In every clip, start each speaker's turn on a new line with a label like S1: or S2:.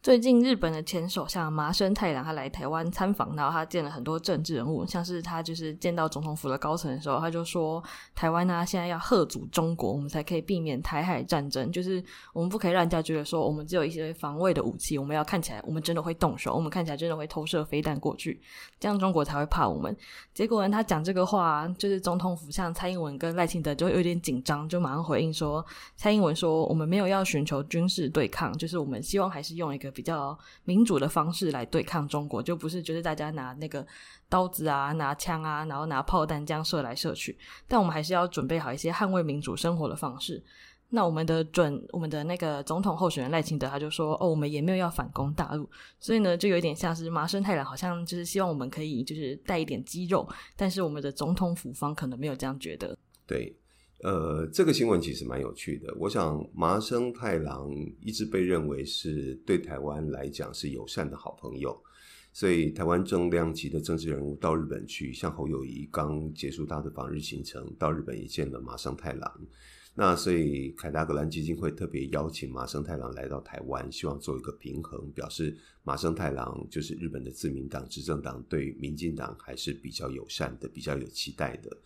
S1: 最近日本的前首相麻生太郎他來台灣參訪，然後他見了很多政治人物，像是他就是見到總統府的高層的時候，他就說台灣呢、啊、現在要嚇阻中國，我們才可以避免台海戰爭。就是我們不可以讓人家覺得說我們只有一些防衛的武器，我們要看起來我們真的會動手，我們看起來真的會投射飛彈過去，這樣中國才會怕我們。結果呢，他講這個話，就是總統府像蔡英文跟賴清德就會有點緊張，就馬上回應說，蔡英文說我們沒有要尋求軍事對抗，就是我們希望還是用一個。比較民主的方式來對抗中國，就不是就是大家拿那個刀子啊、拿槍啊，然後拿炮彈這樣射來射去。但我們還是要準備好一些捍衛民主生活的方式。那我們的準我們的那個總統候選人賴清德他就說：“哦，我們也沒有要反攻大陸。”所以呢，就有點像是麻生太郎，好像就是希望我們可以就是帶一點肌肉，但是我們的總統府方可能沒有這樣覺得。
S2: 對。呃，這個新聞其實蠻有趣的。我想，麻生太郎一直被認為是對台灣來講是友善的好朋友，所以台灣重量級的政治人物到日本去，像侯友宜剛結束他的訪日行程，到日本也見了麻生太郎。那所以，凱達格蘭基金會特別邀請麻生太郎來到台灣，希望做一個平衡，表示麻生太郎就是日本的自民黨執政黨，對民進黨還是比較友善的，比較有期待的。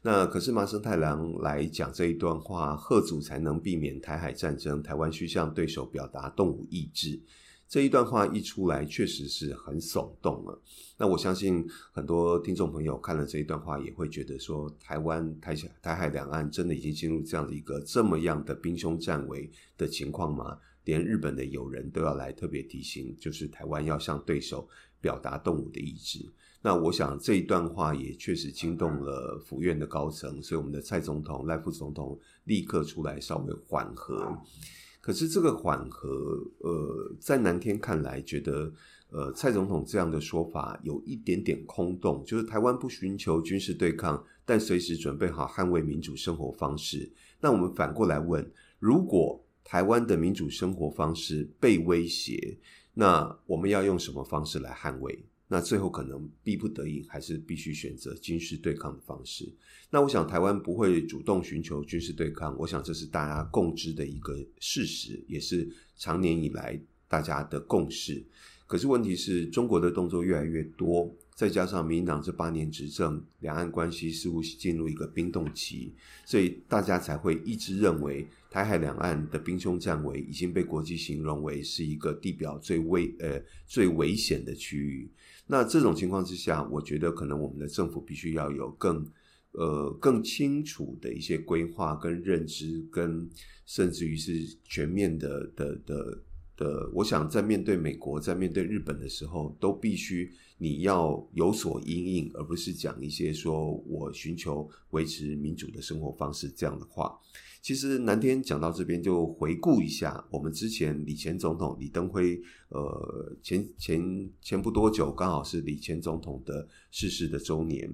S2: 那可是麻生太郎來講這一段話，嚇阻才能避免台海戰爭，台灣需向對手表達動武意志。這一段話一出來，確實是很聳動了。那我相信很多聽眾朋友看了這一段話，也會覺得說，台灣台台海兩岸真的已經進入這樣的一個這麼樣的兵凶戰危的情況嗎？連日本的友人都要來特別提醒，就是台灣要向對手表達動武的意志。那我想這一段話也確實驚動了府院的高層，所以我們的蔡總統、賴副總統立刻出來稍微緩和。可是這個緩和，呃，在南天看來，覺得，呃，蔡總統這樣的說法有一點點空洞，就是台灣不尋求軍事對抗，但隨時準備好捍衛民主生活方式。那我們反過來問：如果台灣的民主生活方式被威脅，那我們要用什麼方式來捍衛？那最後可能逼不得已，還是必須選擇軍事對抗的方式。那我想台灣不會主動尋求軍事對抗，我想這是大家共知的一個事實，也是常年以來大家的共識。可是問題是，中國的動作越來越多。再加上民進黨這八年執政，兩岸關係似乎進入一個冰凍期，所以大家才會一直認為台海兩岸的兵凶戰危已經被國際形容為是一個地表最危呃最危險的區域。那這種情況之下，我覺得可能我們的政府必須要有更呃更清楚的一些規劃、跟認知、跟甚至於是全面的的的。的的，我想在面對美國，在面對日本的時候，都必須你要有所因應，而不是講一些說我尋求維持民主的生活方式這樣的話。其實南天講到這邊，就回顧一下我們之前李前總統李登輝，呃，前前前不多久，剛好是李前總統的逝世的周年。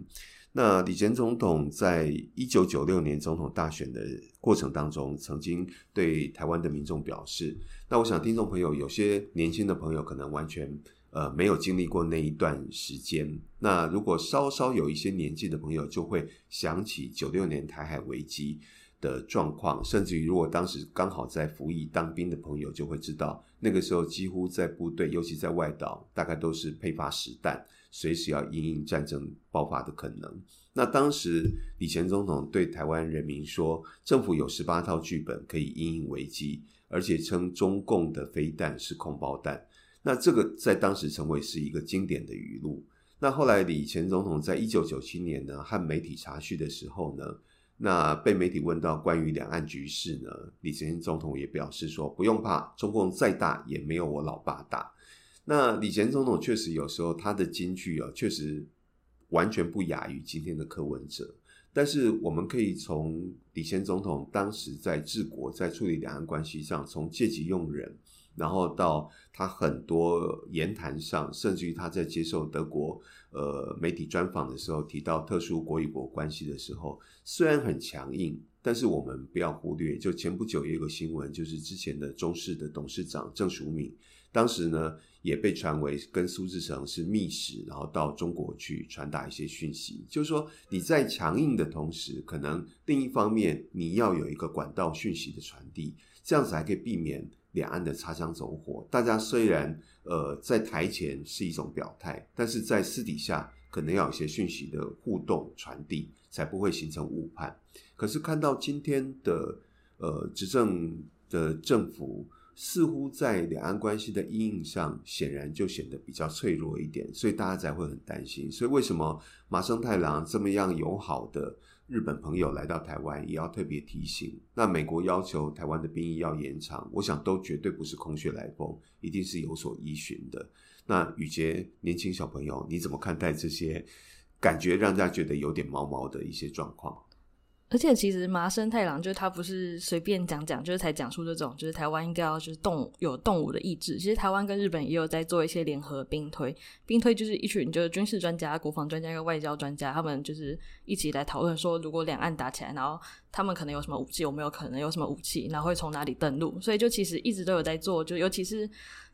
S2: 那李前總統在一九九六年總統大選的過程當中，曾經對台灣的民眾表示，那我想聽眾朋友有些年輕的朋友可能完全呃沒有經歷過那一段時間。那如果稍稍有一些年紀的朋友就會想起九六年台海危機的狀況，甚至於如果當時剛好在服役當兵的朋友就會知道，那個時候幾乎在部隊，尤其在外島，大概都是配發實彈。隨時要因應戰爭爆發的可能。那當時李前總統對台灣人民說：“政府有十八套劇本可以因應危機，而且稱中共的飛彈是空包彈。”那這個在當時成為是一個經典的語錄。那後來李前總統在一九九七年呢，和媒體茶敘的時候呢，那被媒體問到關於兩岸局勢呢，李前總統也表示說：“不用怕，中共再大也沒有我老爸大。”那李前總統確實有時候他的金句哦，確實完全不亞於今天的柯文哲。但是我們可以從李前總統當時在治國、在處理兩岸關係上，從借機用人，然後到他很多言談上，甚至於他在接受德國呃媒體專訪的時候提到特殊國與國關係的時候，雖然很強硬，但是我們不要忽略，就前不久也有一個新聞，就是之前的中視的董事長鄭淑敏。當時呢，也被傳為跟蘇志誠是密使，然後到中國去傳達一些訊息，就是說你在強硬的同時，可能另一方面你要有一個管道訊息的傳遞，這樣子還可以避免兩岸的擦槍走火。大家雖然呃在台前是一種表態，但是在私底下可能要有一些訊息的互動傳遞，才不會形成誤判。可是看到今天的呃執政的政府。似乎在兩岸關係的陰影上，顯然就顯得比較脆弱一點，所以大家才會很擔心。所以為什麼馬生太郎這麼樣友好的日本朋友來到台灣，也要特別提醒？那美國要求台灣的兵役要延長，我想都絕對不是空穴來風，一定是有所依循的。那宇杰，年輕小朋友，你怎麼看待這些感覺？讓大家覺得有點毛毛的一些狀況？
S1: 而且其實麻生太郎就是他不是隨便講講，就是才講出這種，就是台灣應該要就是動有動武的意志。其實台灣跟日本也有在做一些聯合兵推，兵推就是一群就是軍事專家、國防專家跟外交專家，他們就是一起來討論說，如果兩岸打起來，然後他們可能有什麼武器，有沒有可能有什麼武器，然後會從哪裡登陸。所以就其實一直都有在做，就尤其是。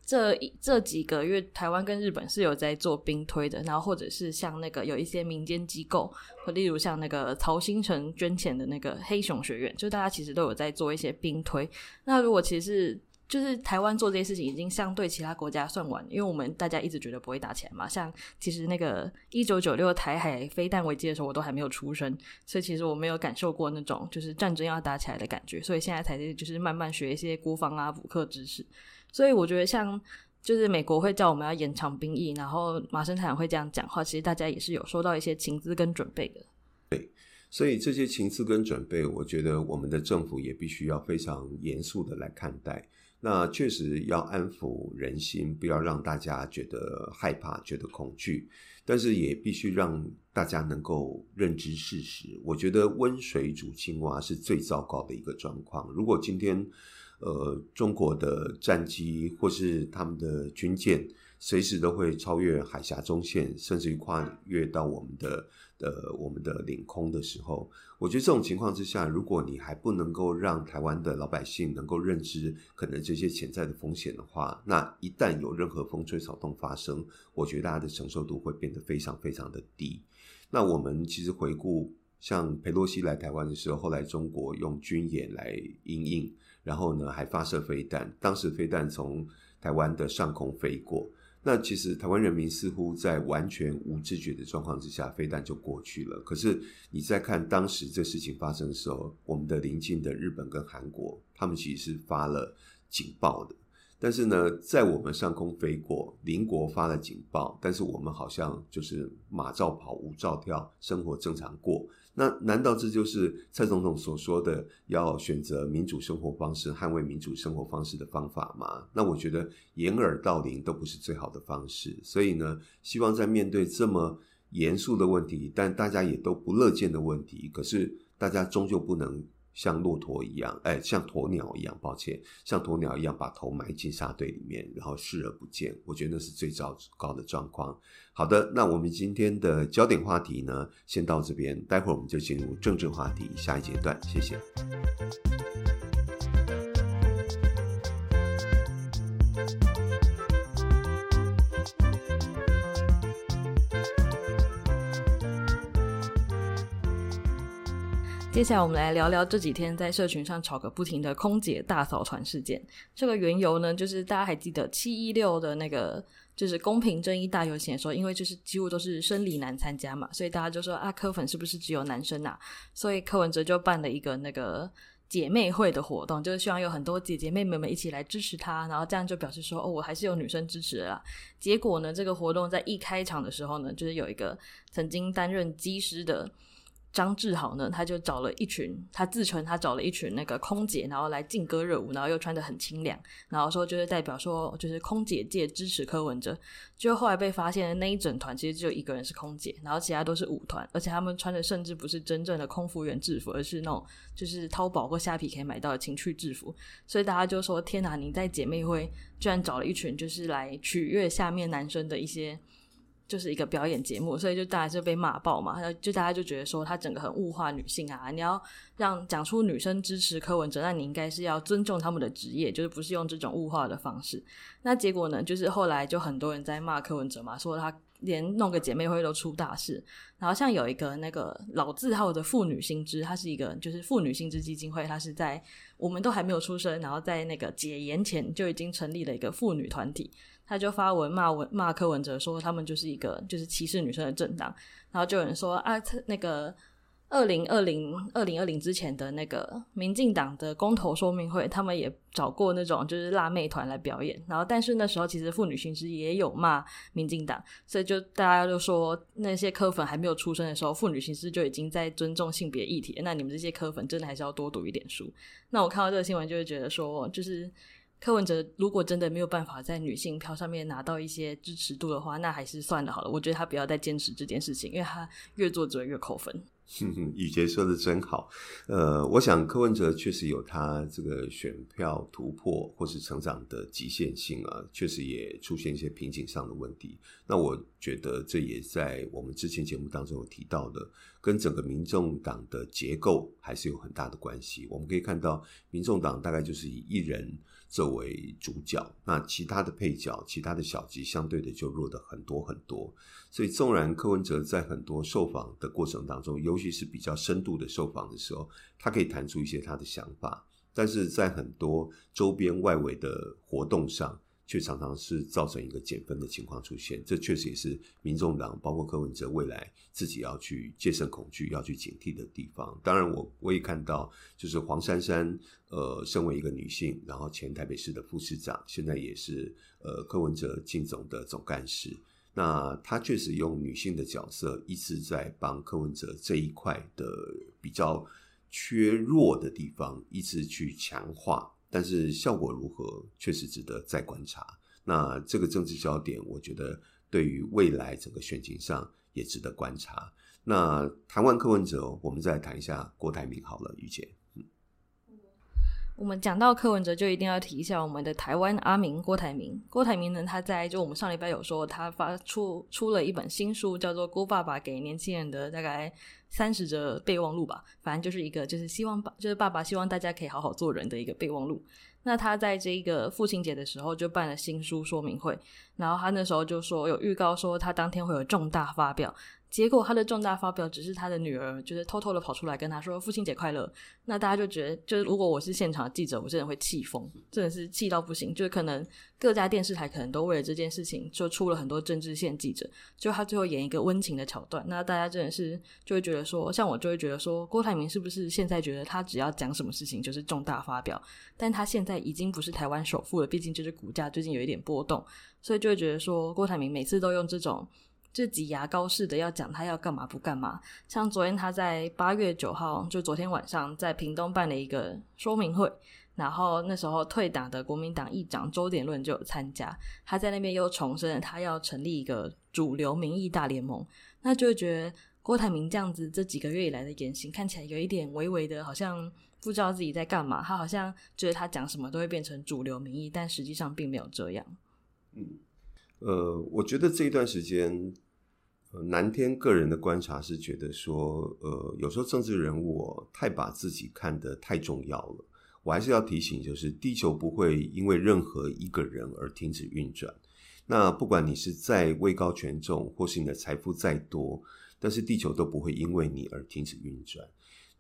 S1: 這這幾個月，台灣跟日本是有在做兵推的，然後或者是像那個有一些民間機構，或例如像那個曹興誠捐錢的那個黑熊學院，就大家其實都有在做一些兵推。那如果其實就是、就是、台灣做這些事情，已經相對其他國家算晚，因為我們大家一直覺得不會打起來嘛。像其實那個一九九六台海飛彈危機的時候，我都還沒有出生，所以其實我沒有感受過那種就是戰爭要打起來的感覺，所以現在才就是慢慢學一些國防啊、補課知識。所以我覺得，像就是美國會叫我們要延長兵役，然後麻生太郎會這樣講話，其實大家也是有收到一些情資跟準備的。
S2: 對，所以這些情資跟準備，我覺得我們的政府也必須要非常嚴肅地來看待。那確實要安撫人心，不要讓大家覺得害怕、覺得恐懼，但是也必須讓大家能夠認知事實。我覺得溫水煮青蛙是最糟糕的一個狀況。如果今天，呃，中國的戰機或是他們的軍艦，隨時都會超越海峽中線，甚至於跨越到我們的呃我們的領空的時候，我覺得這種情況之下，如果你還不能夠讓台灣的老百姓能夠認知可能這些潛在的風險的話，那一旦有任何風吹草動發生，我覺得大家的承受度會變得非常非常的低。那我們其實回顧，像佩洛西來台灣的時候，後來中國用軍演來因應。然後呢，還發射飛彈。當時飛彈從台灣的上空飛過，那其實台灣人民似乎在完全無知覺的狀況之下，飛彈就過去了。可是你再看當時這事情發生的時候，我們的鄰近的日本跟韓國，他們其實是發了警報的。但是呢，在我們上空飛過，鄰國發了警報，但是我們好像就是馬照跑，舞照跳，生活正常過。那難道這就是蔡總統所說的要選擇民主生活方式、捍衛民主生活方式的方法嗎？那我覺得掩耳盜鈴都不是最好的方式。所以呢，希望在面對這麼嚴肅的問題，但大家也都不樂見的問題，可是大家終究不能。像駱駝一樣，哎，像鴕鳥一樣，抱歉，像鴕鳥一樣把頭埋進沙堆裡面，然後視而不見，我覺得那是最糟糕的狀況。好的，那我們今天的焦點話題呢，先到這邊，待會兒我們就進入政治話題下一階段，謝謝。
S1: 接下來我們來聊聊這幾天在社群上吵個不停的空姐大掃船事件。這個緣由呢，就是大家還記得七一六的那個就是公平正義大遊行的時候，因為就是幾乎都是生理男參加嘛，所以大家就說啊，柯粉是不是只有男生吶、啊？所以柯文哲就辦了一個那個姐妹會的活動，就是希望有很多姐姐妹妹們一起來支持他，然後這樣就表示說哦，我還是有女生支持的啦。結果呢，這個活動在一開場的時候呢，就是有一個曾經擔任機師的。張智豪呢，他就找了一群，他自稱他找了一群那個空姐，然後來勁歌熱舞，然後又穿得很清涼，然後說就是代表說就是空姐界支持柯文哲，就後來被發現的那一整團其實只有一個人是空姐，然後其他都是舞團，而且他們穿的甚至不是真正的空服員制服，而是那種就是淘寶或蝦皮可以買到的情趣制服，所以大家就說天哪、啊，你在姐妹會居然找了一群就是來取悅下面男生的一些。就是一個表演節目，所以就當然是被罵爆嘛。然後就大家就覺得說，他整個很物化女性啊！你要讓講出女生支持柯文哲，那你應該是要尊重他們的職業，就是不是用這種物化的方式。那結果呢，就是後來就很多人在罵柯文哲嘛，說他。連弄個姐妹會都出大事，然後像有一個那個老字號的婦女新知，她是一個就是婦女新知基金會，她是在我們都還沒有出生，然後在那個解嚴前就已經成立了一個婦女團體，他就發文罵文罵柯文哲說他們就是一個就是歧視女生的政黨，然後就有人說啊，那個。二零二零二零二零之前的那個民進黨的公投說明會，他們也找過那種就是辣妹團來表演。然後，但是那時候其實婦女新知也有罵民進黨，所以就大家就說那些柯粉還沒有出生的時候，婦女新知就已經在尊重性別議題。那你們這些柯粉真的還是要多讀一點書。那我看到這個新聞，就會覺得說，就是。柯文哲如果真的沒有辦法在女性票上面拿到一些支持度的話，那還是算了好了。我覺得他不要再堅持這件事情，因為他越做只會越扣分。
S2: 哼哼，雨 杰說得真好，呃，我想柯文哲確實有他這個選票突破或是成長的極限性啊，確實也出現一些瓶頸上的問題。那我覺得這也在我們之前節目當中有提到的，跟整個民眾黨的結構還是有很大的關係。我們可以看到，民眾黨大概就是以一人。作為主角，那其他的配角、其他的小機相對的就弱得很多很多。所以縱然柯文哲在很多受訪的過程當中，尤其是比較深度的受訪的時候，他可以談出一些他的想法，但是在很多周邊外圍的活動上。卻常常是造成一個減分的情況出現，這確實也是民眾黨包括柯文哲未來自己要去戒慎恐懼、要去警惕的地方。當然我，我我也看到，就是黃珊珊、呃，身為一個女性，然後前台北市的副市長，現在也是呃柯文哲競總的總幹事，那她確實用女性的角色一直在幫柯文哲這一塊的比較缺弱的地方，一直去強化。但是效果如何，確實值得再觀察。那這個政治焦點，我覺得對於未來整個選情上也值得觀察。那談完柯文哲，我們再談一下郭台銘好了，於杰。
S1: 我們講到柯文哲，就一定要提一下我們的台灣阿明郭台銘。郭台銘呢，他在就我們上禮拜有說，他發出出了一本新書，叫做《郭爸爸給年輕人的大概三十則備忘錄》吧。反正就是一個就是希望爸就是爸爸希望大家可以好好做人的一個備忘錄。那他在這一個父親節的時候就辦了新書說明會，然後他那時候就說有預告說他當天會有重大發表。結果他的重大發表只是他的女兒，就是偷偷的跑出來跟他說“父親節快樂”。那大家就覺得，就是如果我是現場的記者，我真的會氣瘋，真的是氣到不行。就可能各家電視台可能都為了這件事情，就出了很多政治線記者。就他最後演一個溫情的橋段，那大家真的是就會覺得說，像我就會覺得說，郭台銘是不是現在覺得他只要講什麼事情就是重大發表？但他現在已經不是台灣首富了，畢竟就是股價最近有一點波動，所以就會覺得說，郭台銘每次都用這種。這擠牙膏似的要講他要幹嘛不幹嘛，像昨天他在八月九號，就昨天晚上在屏東辦了一個說明會，然後那時候退黨的國民黨議長周典論就有參加，他在那邊又重申了他要成立一個主流民意大聯盟，那就會覺得郭台銘這樣子這幾個月以來的言行看起來有一點微微的，好像不知道自己在幹嘛，他好像覺得他講什麼都會變成主流民意，但實際上並沒有這樣，嗯。
S2: 呃，我覺得這一段時間，呃、南天個人的觀察是覺得說，呃，有時候政治人物、哦、太把自己看得太重要了。我還是要提醒，就是地球不會因為任何一個人而停止運轉。那不管你是在位高權重，或是你的財富再多，但是地球都不會因為你而停止運轉。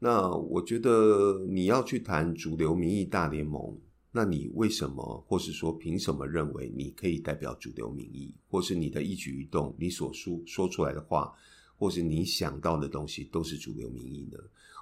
S2: 那我覺得你要去談主流民意大聯盟。那你為什麼，或是說憑什麼認為你可以代表主流民意，或是你的一舉一動，你所說說出來的話，或是你想到的東西都是主流民意呢？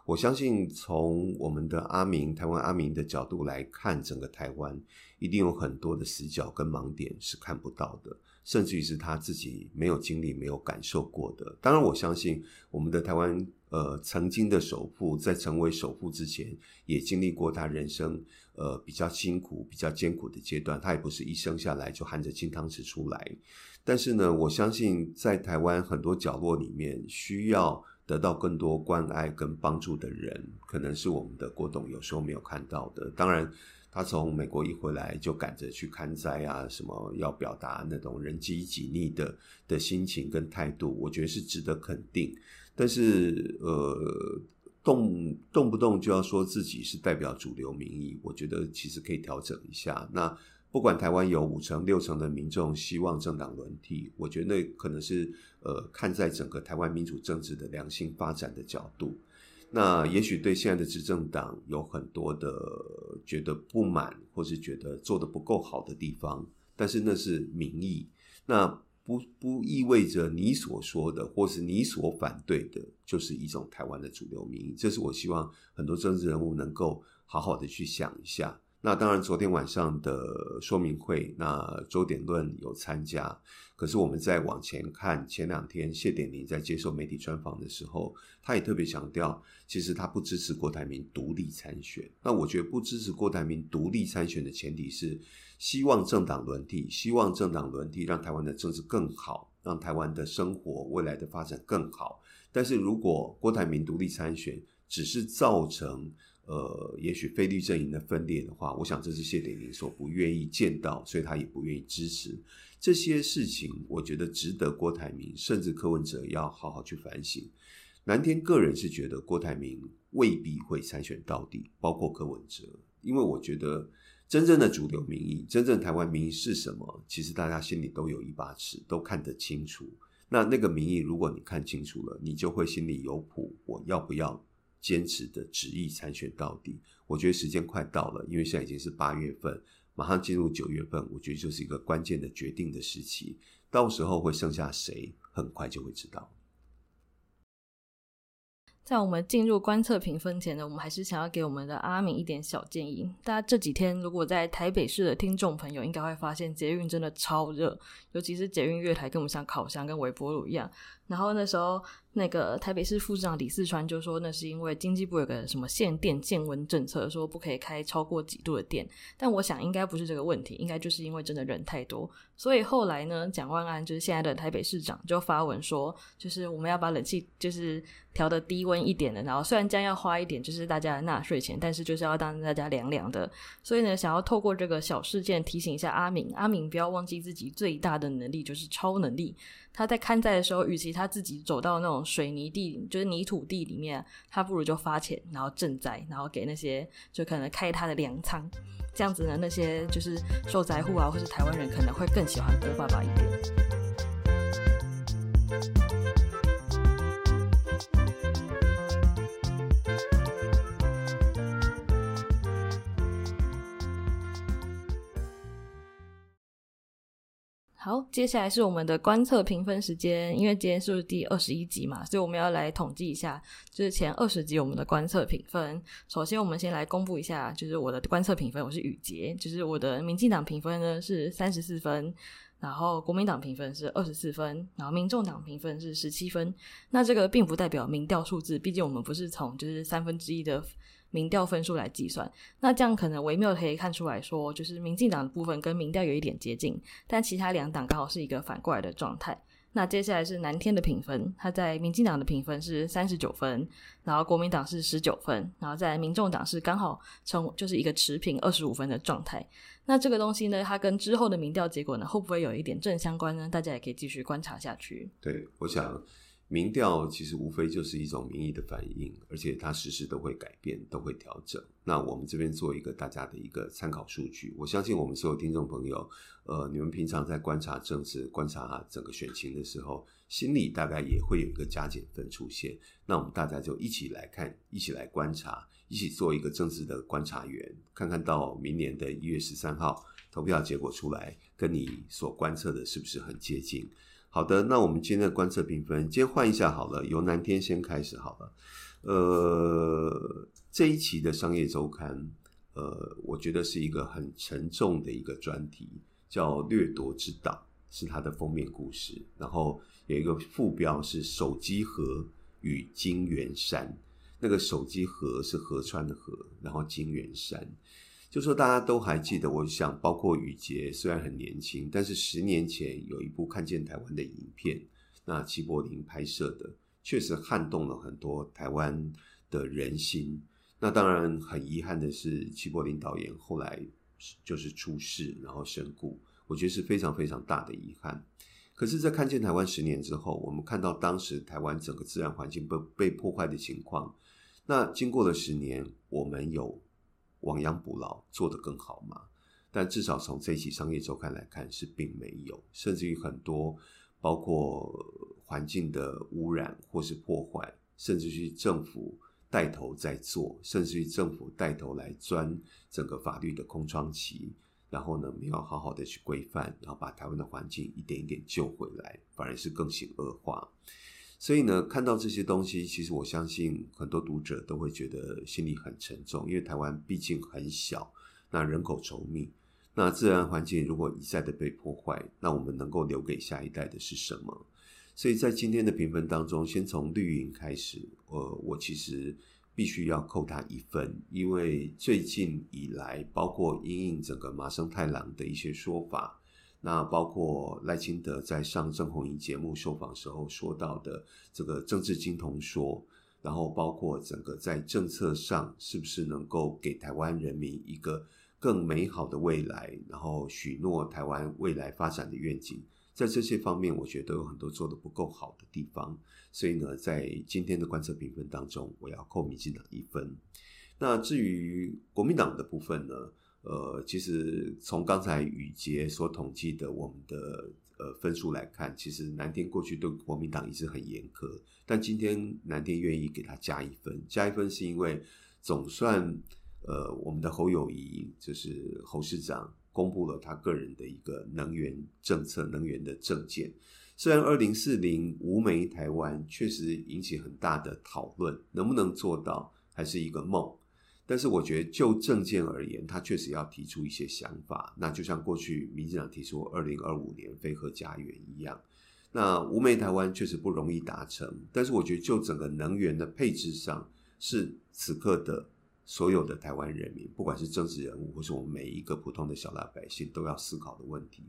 S2: 我相信從我們的阿明，臺灣阿明的角度來看，整個臺灣一定有很多的死角跟盲點是看不到的，甚至於是他自己沒有經歷、沒有感受過的。當然，我相信我們的臺灣。呃，曾經的首富在成為首富之前，也經歷過他人生呃比較辛苦、比較艱苦的階段。他也不是一生下來就含着金湯匙出來。但是呢，我相信在台灣很多角落裡面，需要得到更多關愛跟幫助的人，可能是我們的郭董有時候沒有看到的。當然，他從美國一回來就趕着去看災啊，什麼要表達那種人飢己溺的的心情跟態度，我覺得是值得肯定。但是，呃，動動不動就要說自己是代表主流民意，我覺得其實可以調整一下。那不管台灣有五成、六成的民眾希望政黨輪替，我覺得那可能是呃，看在整個台灣民主政治的良性發展的角度。那也許對現在的執政黨有很多的覺得不滿，或是覺得做得不夠好的地方，但是那是民意。那不不意味着你所說的或是你所反對的，就是一種台灣的主流民意。這是我希望很多政治人物能夠好好的去想一下。那當然，昨天晚上的說明會，那周典論有參加。可是我們再往前看，前兩天謝典林在接受媒體專訪的時候，他也特別強調，其實他不支持郭台銘獨立參選。那我覺得，不支持郭台銘獨立參選的前提是。希望政黨輪替，希望政黨輪替，讓台灣的政治更好，讓台灣的生活未來的發展更好。但是如果郭台銘獨立參選，只是造成呃，也許非綠陣營的分裂的話，我想這是謝點零所不願意見到，所以他也不願意支持這些事情。我覺得值得郭台銘甚至柯文哲要好好去反省。藍天個人是覺得郭台銘未必會參選到底，包括柯文哲，因為我覺得。真正的主流民意，真正台灣民意是什麼？其實大家心裡都有一把尺，都看得清楚。那那個民意，如果你看清楚了，你就會心裡有譜。我要不要堅持的執意參選到底？我覺得時間快到了，因為現在已經是八月份，馬上進入九月份，我覺得就是一個關鍵的決定的時期。到時候會剩下誰，很快就會知道。
S1: 在我們進入觀測評分前呢，我們還是想要給我們的阿敏一點小建議。大家這幾天如果在台北市的聽眾朋友，應該會發現捷運真的超熱，尤其是捷運月台，跟我們像烤箱，跟微波爐一樣。然後那時候。那個台北市副市長李四川就說，那是因為經濟部有個什麼限電限溫政策，說不可以開超過幾度的電。但我想應該不是這個問題，應該就是因為真的人太多。所以後來呢，蔣萬安就是現在的台北市長就發文說，就是我們要把冷氣就是調得低溫一點的，然後雖然將要花一點就是大家的納稅錢，但是就是要讓大家涼涼的。所以呢，想要透過這個小事件提醒一下阿明，阿明不要忘記自己最大的能力就是超能力。他在勘災的時候，與其他自己走到那種水泥地，就是泥土地裡面，啊，他不如就發錢，然後賑災，然後給那些就可能開他的糧倉，這樣子呢，那些就是受災戶啊，或是台灣人可能會更喜歡郭爸爸一點。好，接下來是我們的觀測評分時間。因為今天是不是第二十一集嘛，所以我們要來統計一下，就是前二十集我們的觀測評分。首先，我們先來公布一下，就是我的觀測評分。我是雨潔，就是我的民進黨評分呢是三十四分，然後國民黨評分是二十四分，然後民眾黨評分是十七分。那這個並不代表民調數字，畢竟我們不是從就是三分之一的。民調分數來計算，那這樣可能微妙可以看出來說，就是民進黨的部分跟民調有一點接近，但其他兩黨剛好是一個反過來的狀態。那接下來是南天的評分，他在民進黨的評分是三十九分，然後國民黨是十九分，然後在民眾黨是剛好成就是一個持平二十五分的狀態。那這個東西呢，它跟之後的民調結果呢，會不會有一點正相關呢？大家也可以繼續觀察下去。
S2: 對，我想。民調其實無非就是一種民意的反應，而且它時時都會改變，都會調整。那我們這邊做一個大家的一個參考數據，我相信我們所有聽眾朋友，呃，你們平常在觀察政治、觀察、啊、整個選情的時候，心裡大概也會有一個加減分出現。那我們大家就一起來看，一起來觀察，一起做一個政治的觀察員，看看到明年的一月十三號投票結果出來，跟你所觀測的是不是很接近？好的，那我們今天的觀測評分，今天換一下好了，由南天先開始好了。呃，這一期的商業周刊，呃，我覺得是一個很沉重的一個專題，叫《掠奪之島》，是它的封面故事，然後有一個副標是“手機河與金元山”，那個手機河是河川的河，然後金元山。就說大家都還記得，我想包括雨潔雖然很年輕，但是十年前有一部《看見台灣》的影片，那齊柏林拍攝的，確實撼動了很多台灣的人心。那當然很遺憾的是，齊柏林導演後來就是出事，然後身故，我覺得是非常非常大的遺憾。可是，在《看見台灣》十年之後，我們看到當時台灣整個自然環境被被破壞的情況。那經過了十年，我們有。亡羊補牢，做得更好嘛？但至少從這期商業周刊來看，是並沒有。甚至於很多，包括環境的污染，或是破壞，甚至於政府帶頭在做，甚至於政府帶頭來鑽整個法律的空窗期，然後呢沒有好好的去規範，然後把台灣的環境一點一點救回來，反而是更形惡化。所以呢，看到這些東西，其實我相信很多讀者都會覺得心裡很沉重，因為台灣畢竟很小，那人口稠密，那自然環境如果一再的被破壞，那我們能夠留給下一代的是什麼？所以在今天的評分當中，先從綠營開始，呃，我其實必須要扣他一分，因為最近以來，包括因應整個麻生太郎的一些說法。那包括賴清德在上鄭弘儀節目受訪時候說到的這個政治金童說，然後包括整個在政策上是不是能夠給台灣人民一個更美好的未來，然後許諾台灣未來發展的願景，在這些方面我覺得有很多做得不夠好的地方，所以呢，在今天的觀測評分當中，我要扣民進黨一分。那至於國民黨的部分呢？呃，其實從剛才宇杰所統計的我們的呃分數來看，其實南天過去對國民黨一直很嚴苛，但今天南天願意給他加一分，加一分是因為總算呃我們的侯友宜就是侯市長公布了他個人的一個能源政策、能源的政見。雖然二零四零無煤台灣確實引起很大的討論，能不能做到還是一個夢。但是我覺得，就政見而言，他確實要提出一些想法。那就像過去民進黨提出二零二五年飛核家園一樣，那無煤台灣確實不容易達成。但是我覺得，就整個能源的配置上，是此刻的所有的台灣人民，不管是政治人物或是我們每一個普通的小老百姓，都要思考的問題。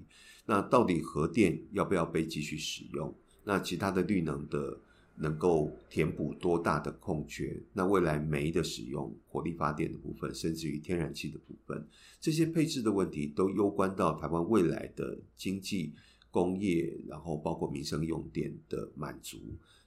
S2: 那到底核電要不要被繼續使用？那其他的綠能的？能夠填補多大的空缺？那未來煤的使用、火力發電的部分，甚至於天然氣的部分，這些配置的問題都攸關到台灣未來的經濟、工業，然後包括民生用電的滿足。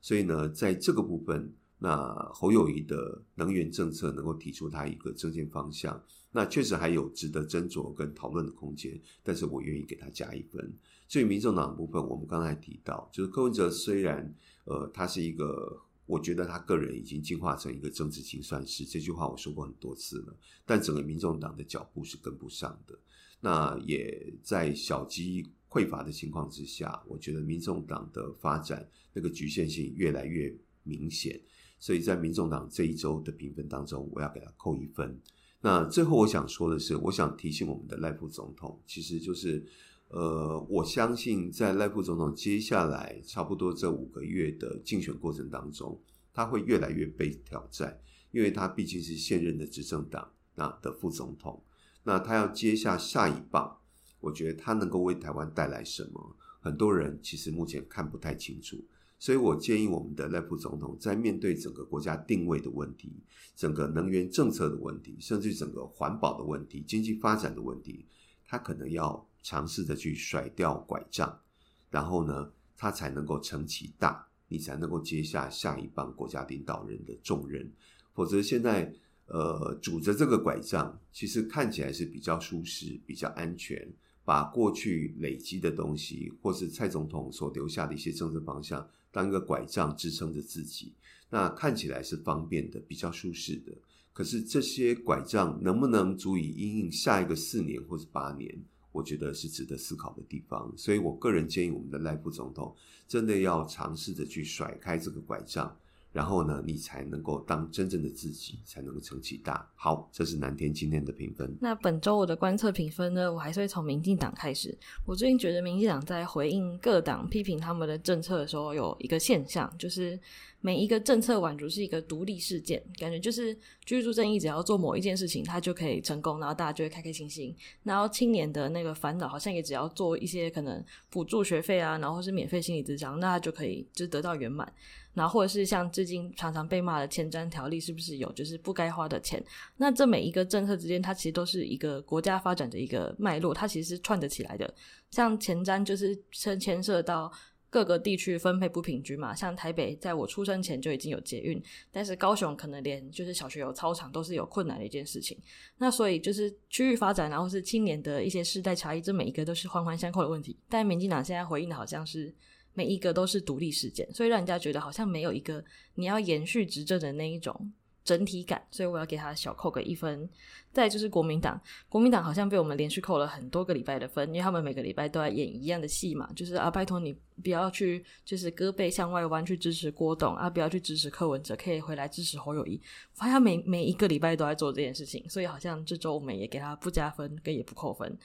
S2: 所以呢，在這個部分，那侯友宜的能源政策能夠提出他一個政見方向，那確實還有值得斟酌跟討論的空間。但是我願意給他加一分。至於民眾黨的部分，我們剛才提到，就是柯文哲雖然。呃，他是一個，我覺得他個人已經進化成一個政治精算師。這句話我說過很多次了，但整個民眾黨的腳步是跟不上的。那也在小雞匱乏的情況之下，我覺得民眾黨的發展那個局限性越來越明顯。所以在民眾黨這一周的評分當中，我要給他扣一分。那最後我想說的是，我想提醒我們的賴副總統，其實就是。呃，我相信在賴副總統接下來差不多這五個月的競選過程當中，他會越來越被挑戰，因為他畢竟是現任的執政黨那的副總統，那他要接下下一棒，我覺得他能夠為台灣帶來什麼，很多人其實目前看不太清楚，所以我建議我們的賴副總統在面對整個國家定位的問題、整個能源政策的問題，甚至整個環保的問題、經濟發展的問題。他可能要嘗試着去甩掉拐杖，然後呢，他才能夠成其大，你才能夠接下下一棒國家領導人的重任。否則，現在呃拄着這個拐杖，其實看起來是比較舒適、比較安全，把過去累積的東西，或是蔡總統所留下的一些政治方向，當一個拐杖支撐着自己，那看起來是方便的，比較舒適的。可是這些拐杖，能不能足以因應下一個四年或者八年？我覺得是值得思考的地方。所以我個人建議，我們的賴副總統真的要嘗試着去甩開這個拐杖。然後呢，你才能夠當真正的自己，才能夠成其大。好，這是南天今天的評分。
S1: 那本周我的觀測評分呢，我還是會從民進黨開始。我最近覺得民進黨在回應各黨批評他們的政策的時候，有一個現象，就是每一個政策宛如是一個獨立事件，感覺就是居住正義只要做某一件事情，他就可以成功，然後大家就會開開心心。然後青年的那個煩惱，好像也只要做一些可能補助學費啊，然後是免費心理諮商，那就可以就是得到圓滿。那或者是像最近常常被罵的前瞻條例，是不是有就是不該花的錢？那這每一個政策之間，它其實都是一個國家發展的一個脈絡，它其實是串得起來的。像前瞻就是牽涉到各個地區分配不平均嘛，像台北在我出生前就已經有捷運，但是高雄可能連就是小學有操場都是有困難的一件事情。那所以就是區域發展，然後是青年的一些世代差異，這每一個都是環環相扣的問題。但民進黨現在回應的好像是。每一個都是獨立事件，所以讓人家覺得好像沒有一個你要延續執政的那一種整體感，所以我要給他小扣個一分。再來就是國民黨，國民黨好像被我們連續扣了很多個禮拜的分，因為他們每個禮拜都在演一樣的戲嘛，就是啊拜託你不要去，就是胳膊向外彎去支持郭董啊，不要去支持柯文哲，可以回來支持侯友宜。我發現他每每一個禮拜都在做這件事情，所以好像這周我們也給他不加分跟也不扣分。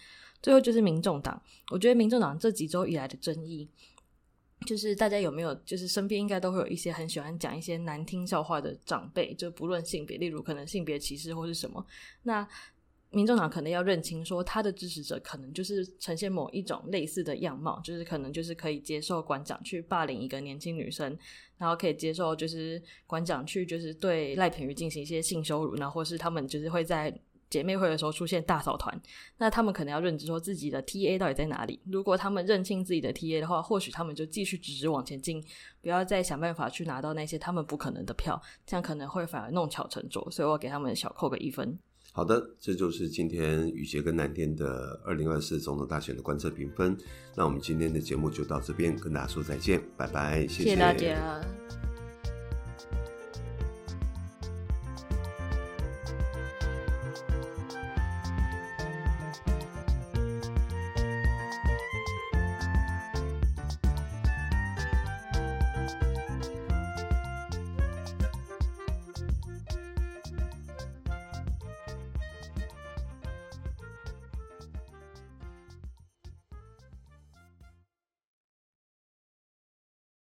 S1: 最後就是民眾黨，我覺得民眾黨這幾周以來的爭議。就是大家有沒有，就是身邊應該都會有一些很喜歡講一些難聽笑話的長輩，就不論性別，例如可能性別歧視或是什麼。那民眾黨可能要認清，說他的支持者可能就是呈現某一種類似的樣貌，就是可能就是可以接受館長去霸凌一個年輕女生，然後可以接受就是館長去就是對賴品妤進行一些性羞辱，然後或是他們就是會在。姐妹會的時候出現大嫂團，那他們可能要認知說自己的 T A 到底在哪裡。如果他們認清自己的 T A 的話，或許他們就繼續直直往前進，不要再想辦法去拿到那些他們不可能的票，這樣可能會反而弄巧成拙。所以我給他們小扣個一分。
S2: 好的，這就是今天雨潔跟南天的二零二四總統大選的觀測評分。那我們今天的節目就到這邊，跟大家說再見，拜拜，謝謝，謝謝大家。